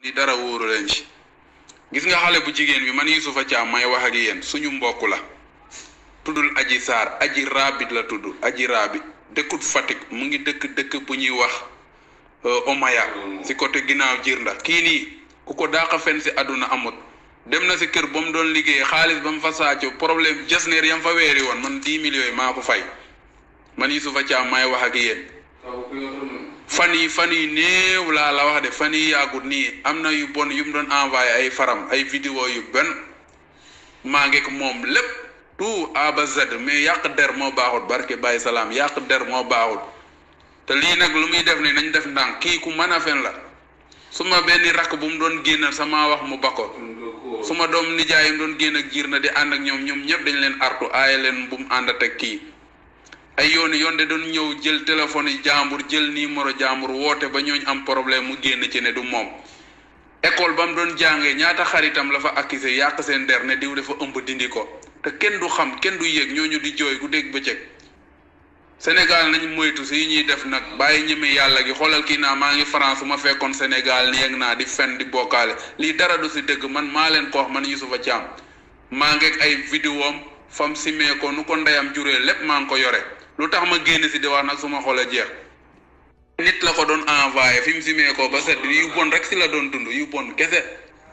di dara wóoru leen gis nga xale bu jigéen bi man Yusufa Caam may wax ak yéen suñu mbokk la tuddul aji saar aji raabit la tudd aji raabit dëkkut Fatick mu ngi dëkk dëkk bu ñuy wax euh, Omaya si côté ginnaaw Jirnda kii nii ku ko daaqa fen si àdduna amut dem na si kër ba mu doon liggéey xaalis ba mu fa saaco problème jasneer yam fa weeri woon man dix millions maa ko fay man Yusufa Caam may wax ak yéen fan yi fan yi néew laa la wax de fan yi yàggut nii am na yu bon yu mu doon envoyé ay faram ay vidéo yu benn maa ngi ko moom lépp tout A mais yàq der moo baaxut barke bàyyi salaam yàq der moo baaxut te lii nag lu muy def nii nañ def ndànk kii ku man a fen la su ma benn raq bu mu doon génn sama wax mu bakko su ma doom nijaay mu doon génn ak jiir na di ànd ak ñoom ñoom ñëpp dañ leen artu aaye leen bu mu ànd a teg kii ay yoon yoon de doon ñëw jël téléphone yi jàmbur jël numéro jàmbur woote ba ñooñ am problème mu génn ci ne du moom école ba mu doon jàngee ñaata xaritam la fa accusé yàq seen der ne diw dafa ëmb dindi ko te kenn du xam kenn du ñoo ñu di jooy ku dégg bëccëg Sénégal nañu moytu si ñuy def nag bàyyi ñeme yàlla gi xoolal kii naa maa ngi France ma fekkoon senegal ni naa di fen di bokkaale lii dara du si dëgg man maa leen ko wax man Youssoufa Thiam maa ngeeg ay vidéom fam simee nu ko ndeyam juree lépp maa ngi ko yore lu tax ma génn si di wax nag su ma xoolee jeex nit la ko doon envoyé fi mu simee ko ba set yu bon rek si la doon dund yu bon kese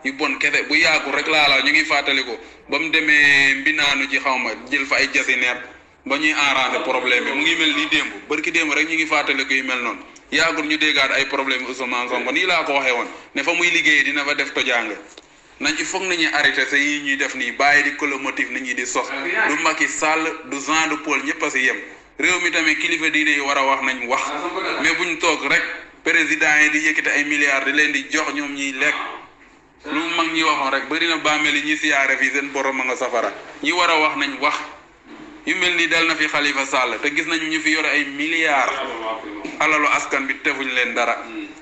yu bon kese bu yàggu rek laa laalaa ñu ngi fàttali ko ba mu demee mbinaanu ci xaw ma jël fa ay jasineer ba ñuy arrangé problème bi mu ngi mel ni démb barki démb rek ñu ngi fàttali ko mel noonu yàggul ñu déggaat ay problème Ousmane Sonko nii laa ko waxee woon ne fa muy liggéeyee dina fa def tojaange nañ ci foog nañuy arrêté sa yi ñuy def nii bàyyi di colomotive nit ñi di sos du Macky Sall du Jean de Paul a si yem réew mi tamit kilifa diine yi war a wax nañu wax mais buñ toog rek président yi di yëkkati ay milliards di leen di jox ñoom ñuy lekk lu mag ñi waxoon rek bëri na bàmmeel yi ñu siyaare fii seen borom a nga safara ñi war a wax nañ wax yu mel nii dal na fi Khalifa Sall te gis nañu ñu fi yore ay milliards alalu askan bi tefuñ leen dara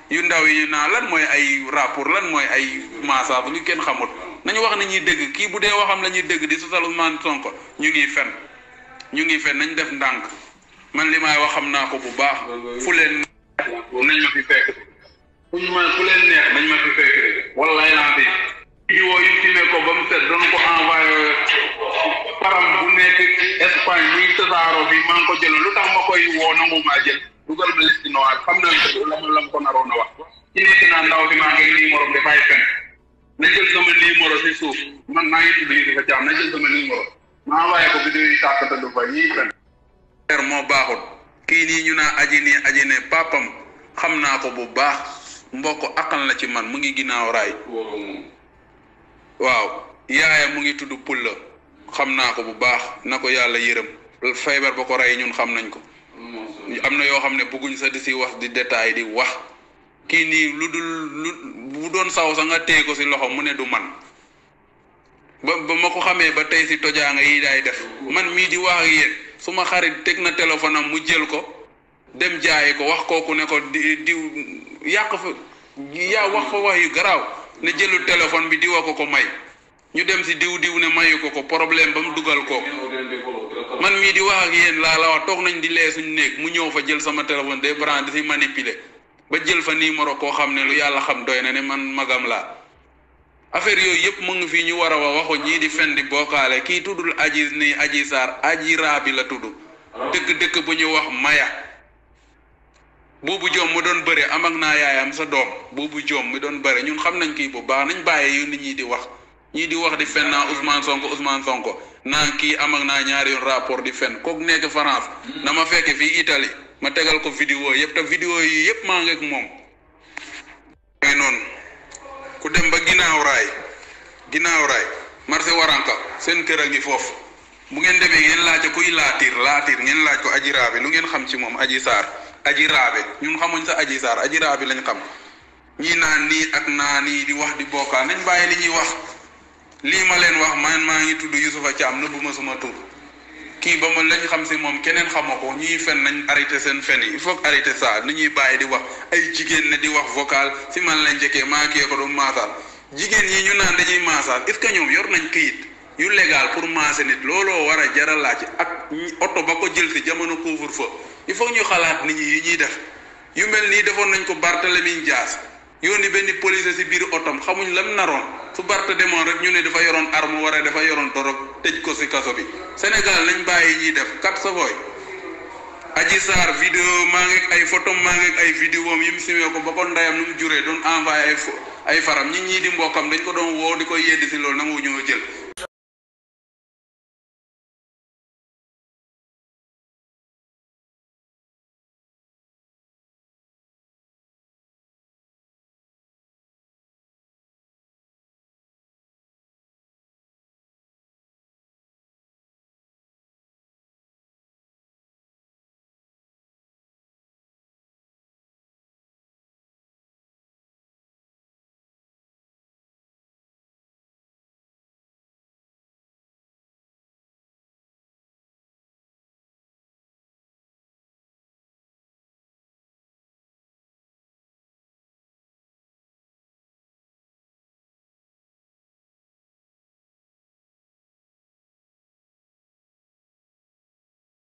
yu ndaw yi naa lan mooy ay rapport lan mooy ay massage ñu kenn xamut nañu wax ne ñuy dëgg kii bu dee waxam la ñuy dëgg di sosal Ousmane Sonko ñu ngi fen ñu ngi fen nañ def ndànk man li wax xam naa ko bu baax fu leen nañ ma fi fekk fu ñu leen neex nañ ma fi fekk rek wallaay yi filmé ba mu set ko envoyé param bu nekk Espagne muy tasaaro bi maa ngi ko jëloon lu tax ma koy woo nangu maa jël dugal ma liste noire xam naa la ko naroon a wax ci nekk naa ndaw si maa ngi numéro dafay fen na jël sama numéro si suuf man maa ngi tudd yi dafa jaam na jël sama numéro ma ko vidéo yi tàkk dëgg ba ñii fen leer moo baaxut kii nii ñu naa aji nii aji ne papam xam naa ko bu baax mbokk akal la ci man mu ngi ginnaaw raay waaw yaayam mu ngi tudd pulla xam naa ko bu baax na ko yàlla yërëm feebar ba ko rey ñun xam nañ ko am na yoo xam ne bëgguñ sa di si wax di détail di wax kii nii lu dul lu doon saw sa nga téye ko si loxo mu ne du man ba ba ma ko xamee ba tey si tojaanga yi daay def man mii di wax ak yéen su xarit teg na téléphone am mu jël ko dem jaayi ko wax kooku ne ko di diw yàq fa yaa wax fa wax yu garaaw ne jëlu téléphone bi diwa ko ko may ñu dem si diw diw ne mayu ko ko problème ba mu dugal ko man mii di wax ak yéen laa la wax toog nañ di lee suñ néeg mu ñëw fa jël sama téléphone day brand di si manipuler ba jël fa numéro koo xam ne lu yàlla xam doy na ne man magam laa affaire yooyu yëpp mu ngi fi ñu war a wa waxu ñii di fen di bokkaale kii tuddul aji ni aji saar aji raabi la tudd dëkk-dëkk bu ñu wax maya buubu joom mu doon bëre am ak naa yaayam sa doom buubu joom mi doon bari ñun xam nañ kii bu baax nañ bàyyee yu nit ñi di wax ñii di wax di fen naa Sonko Ousmane Sonko naa kii am naa ñaari yoon rapport di fen kook nekk France na ma fekke fii Italie ma tegal ko vidéo yëpp te vidéo yi yëpp maa ngi ngeeg moom noonu ku dem ba ginnaaw raay ginnaaw raay marché waranka seen kër a ngi foofu mu ngeen demee ngeen laaj kuy laatiir laatiir ngeen laaj ko aji raabe lu ngeen xam ci moom aji saar aji raabe ñun xamuñ sa aji saar aji raabe lañ xam ñii naan nii ak naa nii di wax di bokkaa nañ bàyyi li ñuy wax lii ma leen wax man maa ngi tudd Yusufa Caam nëbbu ma suma tur kii ba ma lañ xam si moom keneen xamoo ko ñuy fen nañ arrêté seen fen yi il faut arrêté ni ñuy bàyyi di wax ay jigéen ne di wax vocal si man lañ njëkkee maa kii ko doon maasaal jigéen yi ñu naan dañuy maasaal est ce que ñoom yor nañ këyit yu légal pour maase nit looloo war a jaral laaj ak oto ba ko jël si jamono couvre-feu il faut ñu xalaat nit ñi yi ñuy def yu mel nii defoon nañ ko Barthélemy Dias yoon yónni benn police si biir otoom xamuñ lam naroon su Barth demoon rek ñu ne dafa yoroon arme wala dafa yoroon dorog tëj ko si kaso bi Sénégal lañ bàyyi ñuy def kat Savoy Adji Sarr vidéo maa ngi ay photo maa ngi ay vidéo am yi mu simee ko ba ko ndeyam nu mu juree doon envoyé ay ay faram ñi ñii di mbokkam dañ ko doon woo di koy yeddi si loolu nangu ñoo jël